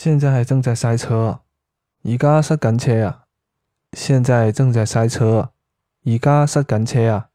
現在係正在塞車，而家塞緊車啊！現在正在塞車，而家塞緊車啊！